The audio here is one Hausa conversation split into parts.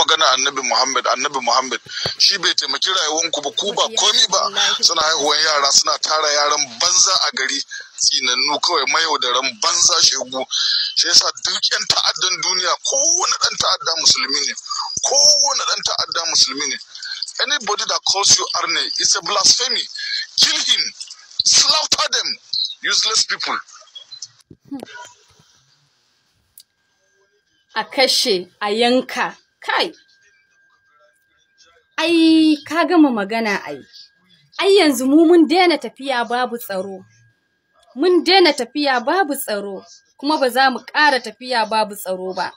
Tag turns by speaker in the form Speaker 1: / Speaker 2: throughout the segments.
Speaker 1: magana annabi muhammad annabi muhammad shi bai taimaki rayuwar ku ba ku ba komi ba suna haihuwar yara suna tara yaran banza a gari tsinannu kawai mayaudaran banza shegu shi yasa duk yan ta'addan duniya kowane dan ta'adda musulmi ne kowane dan ta'adda musulmi ne anybody that calls you arne is a blasphemy kill him slaughter them useless people
Speaker 2: a kashe a yanka Kai, ai, ka gama magana ai, ai yanzu mu mun daina tafiya babu tsaro, mun daina tafiya babu tsaro, kuma ba za mu ƙara tafiya babu tsaro ba.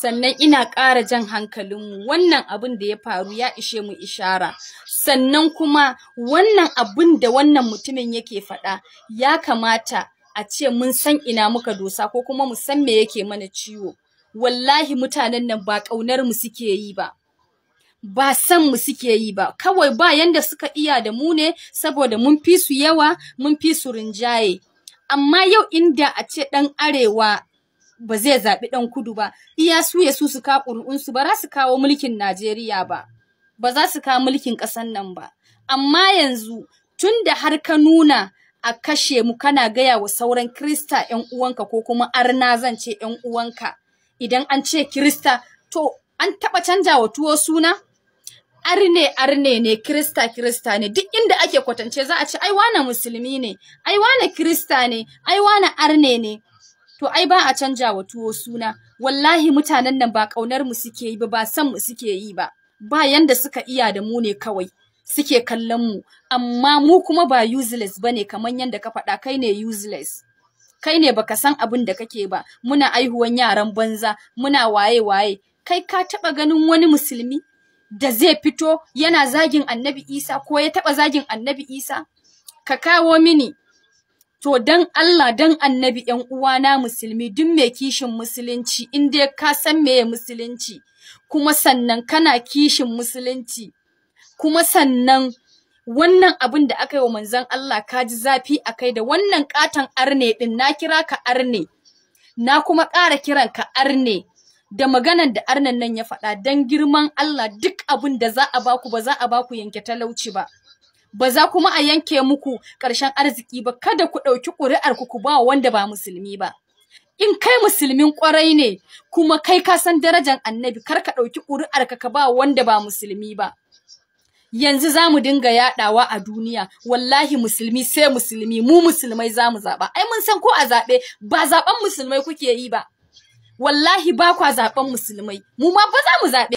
Speaker 2: Sannan ina ƙara jan hankalin mu wannan abin da ya faru ya ishe mu ishara, sannan kuma wannan abin da wannan mutumin yake faɗa ya kamata a ce mun san ina muka dosa ko kuma mu san me yake mana ciwo. wallahi mutanen nan ba ƙaunar mu suke yi ba ba san mu suke yi ba kawai ba yanda suka iya da mu ne saboda mun fi su yawa mun fi su rinjaye amma yau inda a ce ɗan arewa ba zai zaɓi ɗan kudu ba iya su ya su su ka ƙuri'unsu ba za su kawo mulkin najeriya ba ba za su kawo mulkin ƙasan nan ba amma yanzu tun da har ka nuna a kashe mu kana gaya wa sauran krista 'yan uwanka ko kuma arna zan ce 'yan uwanka idan an ce Kirista to an taɓa canja wa tuwo suna? Arne arne ne Kirista Kirista ne duk inda ake kwatance za a ce ai wane musulmi ne, ai wane Kirista ne, ai wane arne ne. To ai ba a canja wa tuwo suna, wallahi mutanen nan ba kaunar mu suke yi ba ba san mu suke yi ba. Ba yanda suka iya da mu ne kawai. suke kallon mu amma mu kuma ba useless bane kamar yadda ka faɗa kai ne useless kai ne baka san abin da kake ba muna aihuwan yaran banza muna waye waye kai ka taba ganin wani musulmi da zai fito yana zagin annabi isa ko ya taba zagin annabi isa ka kawo mini to dan Allah dan annabi yan uwana musulmi duk mai kishin musulunci in dai ka san meye musulunci kuma sannan kana kishin musulunci kuma sannan wannan abin da aka yi wa manzon Allah ka ji zafi a kai da wannan katon arne ɗin na kira ka arne na kuma ƙara kiran ka arne da maganan da arnan nan ya faɗa don girman Allah duk abin da za a baku ba za a baku yanke talauci ba ba za kuma a yanke muku ƙarshen arziki ba kada ku ɗauki ƙuri'ar ku ku ba wanda ba musulmi ba in kai musulmin ƙwarai ne kuma kai ka san darajar annabi kar ka ɗauki ƙuri'arka ka ba wanda ba musulmi ba yanzu za mu dinga yaɗawa a duniya wallahi musulmi sai musulmi mu musulmai za mu zaɓa ai mun san ko a zaɓe ba zaɓen musulmai kuke yi ba wallahi ba kwa zaɓen musulmai mu ma ba za mu zaɓe